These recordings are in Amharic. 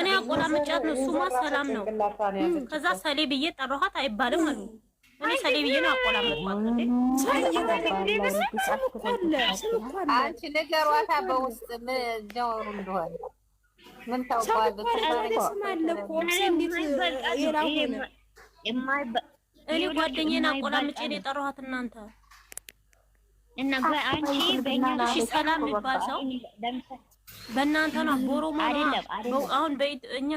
እኔ አቆራምጫት ነው። እሱማ ሰላም ነው። ከዛ ሰሌ ብዬ ጠራኋት አይባልም አሉ። እኔ ሰሌ ብዬ ነው አቆራምጧት። አንቺ ንገሯታ በውስጥ እንደሆነ ምን እኔ ጓደኛዬን ነው የጠራኋት። እናንተ እና አንቺ በእኛ ሰላም የሚባል ሰው በእናንተ ነው ቦሮማ አይደለም። አሁን በእኛ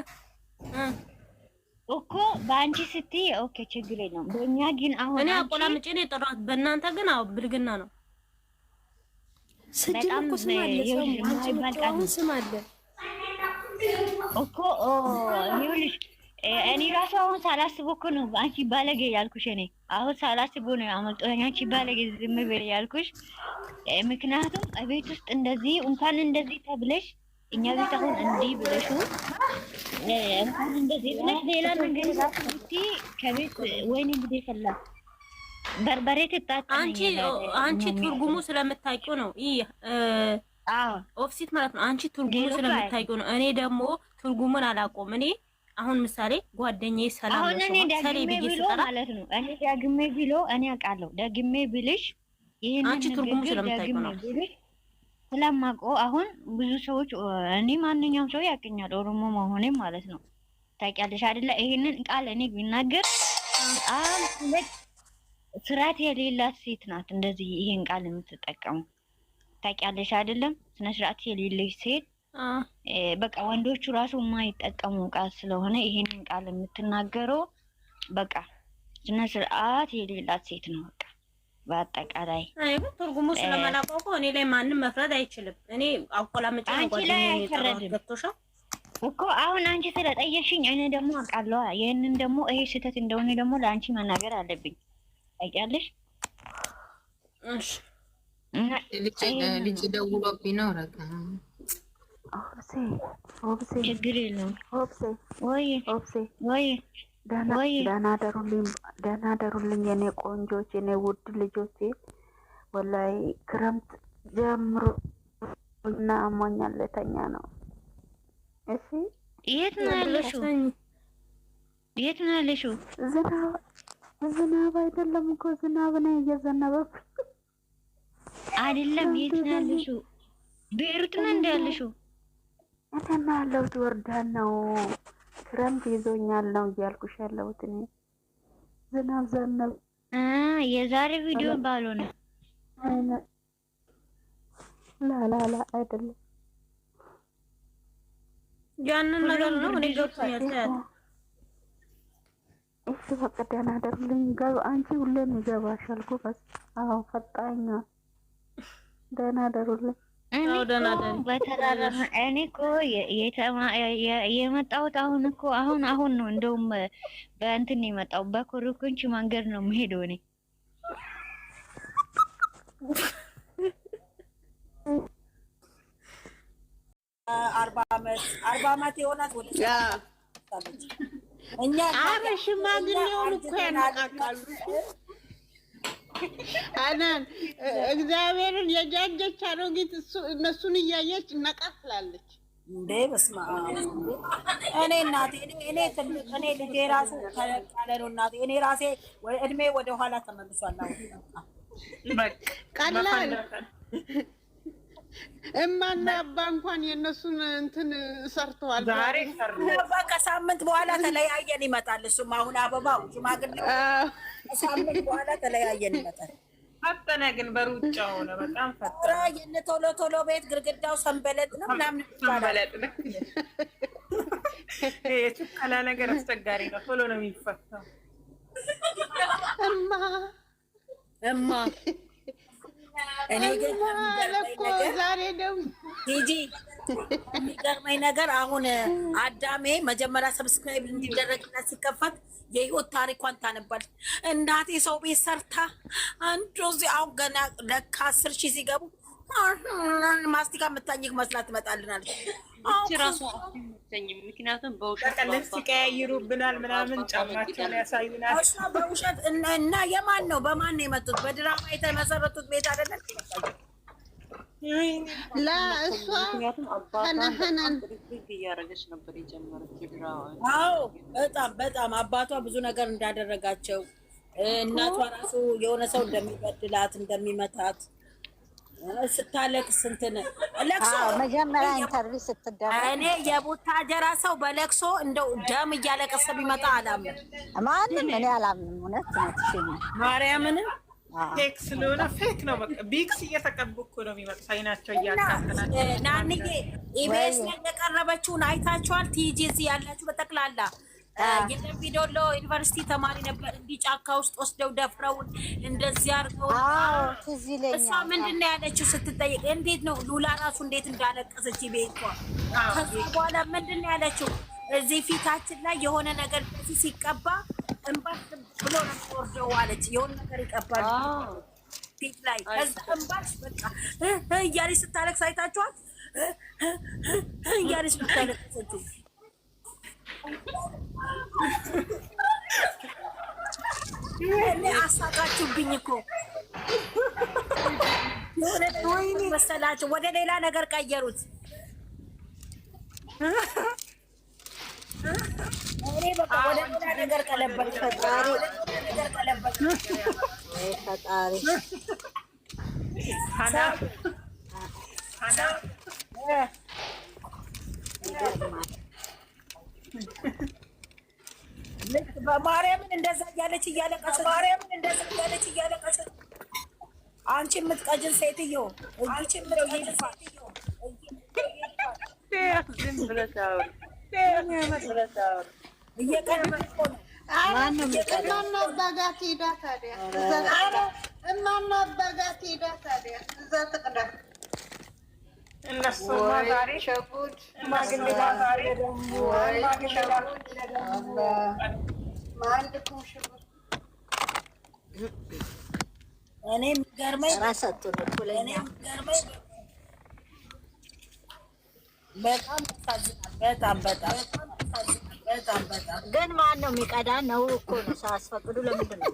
እኮ በአንቺ ስትይ ኦኬ ችግር የለውም። በእኛ ግን አሁን እኔ አቆላምጬ ነው የጠራሁት። በእናንተ ግን አዎ ብልግና ነው። በጣም ይኸውልሽ፣ ስም አለ እኮ ይኸውልሽ እኔ ራሱ አሁን ሳላስበው እኮ ነው አንቺ ባለጌ ያልኩሽ። እኔ አሁን ሳላስበው ነው አመልጦኝ አንቺ ባለጌ ዝም ብለሽ ያልኩሽ። ምክንያቱም እቤት ውስጥ እንደዚህ እንኳን እንደዚህ ተብለሽ እኛ ቤት አሁን እንዲህ ብለሽ እንኳን እንደዚህ ብለሽ ሌላ መንገድ ዛፍቲ ከቤት ወይኔ እንግዲህ ፈላ በርበሬ ትጣጣ አንቺ አንቺ ትርጉሙ ስለምታውቂው ነው። ይሄ ኦፍሲት ማለት ነው። አንቺ ትርጉሙ ስለምታውቂው ነው። እኔ ደግሞ ትርጉሙን አላውቀውም እኔ አሁን ምሳሌ ጓደኛዬ ሰላም ነው ማለት ነው። እኔ ደግሜ ብሎ እኔ አውቃለሁ። ደግሜ ብልሽ ይሄን አንቺ ትርጉሙ ስለምታውቂው ነው ስለማውቀው አሁን ብዙ ሰዎች እኔ ማንኛውም ሰው ያውቅኛል ኦሮሞ መሆኔ ማለት ነው። ታውቂያለሽ አይደለ? ይሄንን ቃል እኔ ቢናገር በጣም ስርዓት የሌላት ሴት ናት እንደዚህ ይሄን ቃል የምትጠቀሙ ታውቂያለሽ አይደለም? ስነ ስርዓት የሌለች ሴት በቃ ወንዶቹ ራሱ የማይጠቀሙ ቃል ስለሆነ ይሄንን ቃል የምትናገረው በቃ ስነ ስርዓት የሌላት ሴት ነው። በቃ በአጠቃላይ ትርጉሙ ስለማላውቀው እኔ ላይ ማንም መፍረድ አይችልም። እኔ አቆላምጫ ላይ አይፈረድም እኮ አሁን አንቺ ስለጠየሽኝ እኔ ደግሞ አውቃለዋ። ይህንን ደግሞ ይሄ ስህተት እንደሆነ ደግሞ ለአንቺ መናገር አለብኝ። ታውቂያለሽ ልጅ ደውሎብኝ ነው ረጋ ችግር የለውም። ደህና ደሩልኝ የኔ ቆንጆች፣ የኔ ውድ ልጆች ወላሂ ክረምት ጀምሮ እና አሞኛል፣ ነው። እሺ የት ነው ያለሽው? የት ነው ያለሽው? ዝናብ ዝናብ አይደለም እኮ ዝናብ ነው እየዘነበ አይደለም። የት ነው ያለሽው? ነው እንደ ያለሽው እንደና ያለሁት ወርዳን ነው ክረምት ይዞኛል ነው እያልኩሽ ያለሁት እኔ ዝናብ ዘነብ የዛሬ ቪዲዮ ባልሆነ ላላላ አይደለም ያንን ነገር ነው እኔ ገብቶኛል። እሱ በቃ ደህና አይደለም። ገብ አንቺ ሁሌም ይገባሻል። ጎበዝ። አዎ ፈጣኛ። ደህና ደሩልኝ። እኔ እኮ የመጣሁት አሁን እኮ አሁን አሁን ነው። እንደውም በእንትን ነው የመጣው በኮረኮንች መንገድ ነው የምሄደው እኔ አርባ ዓመት የሆናት ወደ እኛ ሽማግሌውን እኮ ያነቃቃሉ። አናን እግዚአብሔርን የጃጀች አሮጊት እነሱን እያየች ነቃፍላለች። እንዴ በስማ እኔ እናቴ እኔ ትልቅ እኔ ልጄ ራሱ ተለቃለ ነው እናቴ እኔ ራሴ እድሜ ወደኋላ ኋላ ተመልሷል። ቀላል እማና አባ እንኳን የእነሱን እንትን ሰርተዋል። ዛሬ በቃ ሳምንት በኋላ ተለያየን ይመጣል። እሱም አሁን አበባው ሽማግሌ ሳምንት በኋላ ተለያየን ይመጣል። ፈጠነ ግን በሩጫው ነው። በጣም ፈጠነ። የእነ ቶሎ ቶሎ ቤት ግርግዳው ሰንበለጥ ነው ምናምን ሰንበለጥ ነው። የችካላ ነገር አስቸጋሪ ነው። ቶሎ ነው የሚፈታው እማ እማ እኔ ግን ሂጂ የሚገርመኝ ነገር አሁን አዳሜ መጀመሪያ ሰብስክራይብ እንዲደረግና ሲከፈት የህይወት ታሪኳን ታነባል። እናቴ ሰው ቤት ሰርታ አንዱ አሁን ገና ለካ አስር ሺህ ሲገቡ ማስቲካ የምታኝክ መስላት ትመጣልናለች። ምክንያቱም በውሸት ልብስ ይቀያይሩብናል ምናምን ጫማቸውን ያሳዩናል በውሸት እና የማን ነው በማን ነው የመጡት? በድራማ የተመሰረቱት ቤት አይደለም። እሷ በጣም በጣም አባቷ ብዙ ነገር እንዳደረጋቸው እናቷ ራሱ የሆነ ሰው እንደሚበድላት እንደሚመታት ስታለቅስ እንትን ለቅሶ መጀመሪያ ኢንተርቪው ስትደረግ እኔ የቡታጀራ ሰው በለቅሶ እንደው ደም እያለቀሰ ቢመጣ አላምንም። ማንም እኔ አላምንም። እውነት ማርያምን ፌክ ስለሆነ ፌክ ነው። በቃ ቢክስ እየተቀቡ ነው የሚመጡት። አይናቸው እያካትናቸው ኢቤስ ላይ የቀረበችውን አይታችኋል። ቲጂ እዚህ ያላችሁ በጠቅላላ የደምቢዶሎ ዩኒቨርሲቲ ተማሪ ነበር። እንዲህ ጫካ ውስጥ ወስደው ደፍረውን እንደዚህ አድርገው እሷ ምንድን ነው ያለችው ስትጠይቅ እንዴት ነው ሉላ ራሱ እንዴት እንዳለቀሰች ቤቷ። ከዚህ በኋላ ምንድን ነው ያለችው እዚህ ፊታችን ላይ የሆነ ነገር እንደዚህ ሲቀባ እንባ ብሎ ነው ወርደው አለች። የሆነ ነገር ይቀባል ፊት ላይ ከዛ እንባሽ በቃ እያለች ስታለቅስ አይታችኋል። እያለች ብታለቅሰችው ይሄኔ አሳቃችሁብኝ እኮ ወይኔ መሰላቸው ወደ ሌላ ነገር ቀየሩት። እኔ በቃ ወደ ሌላ ነገር ቀለበት ፈጣሪ ፈጣሪ ማርያምን እንደዛ እያለች እያለቀሰ ማርያምን እንደዛ እያለች እያለቀሰ አንቺ የምትቀጅን ሴትዮ አንቺ የምትቀጅን ሴትዮ እማማ አባ ጋር ትሄዳ ታዲያ እዛ ትቅዳ እነሱማ እኔ የሚገርመኝ በጣም በጣም በጣም ግን ማን ነው የሚቀዳ? ነው እኮ ነው ሳያስፈቅዱ ለምንድን ነው?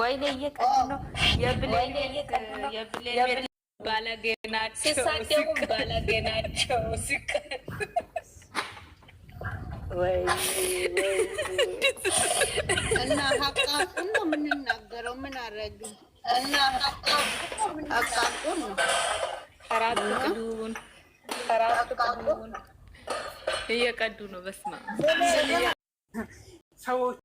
ወይኔ እየቀኑ ነው የብሌን ባለጌ ናቸው፣ ሲሳደቡም ባለጌ ናቸው። እና ሀቃቁን ነው የምንናገረው። ምን አረግ እና ሀቃቁን እየቀዱ ነው። በስመ አብ ሰዎች